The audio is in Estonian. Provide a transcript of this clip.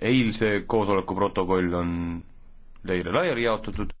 eilse koosoleku protokoll on teile laiali jaotatud.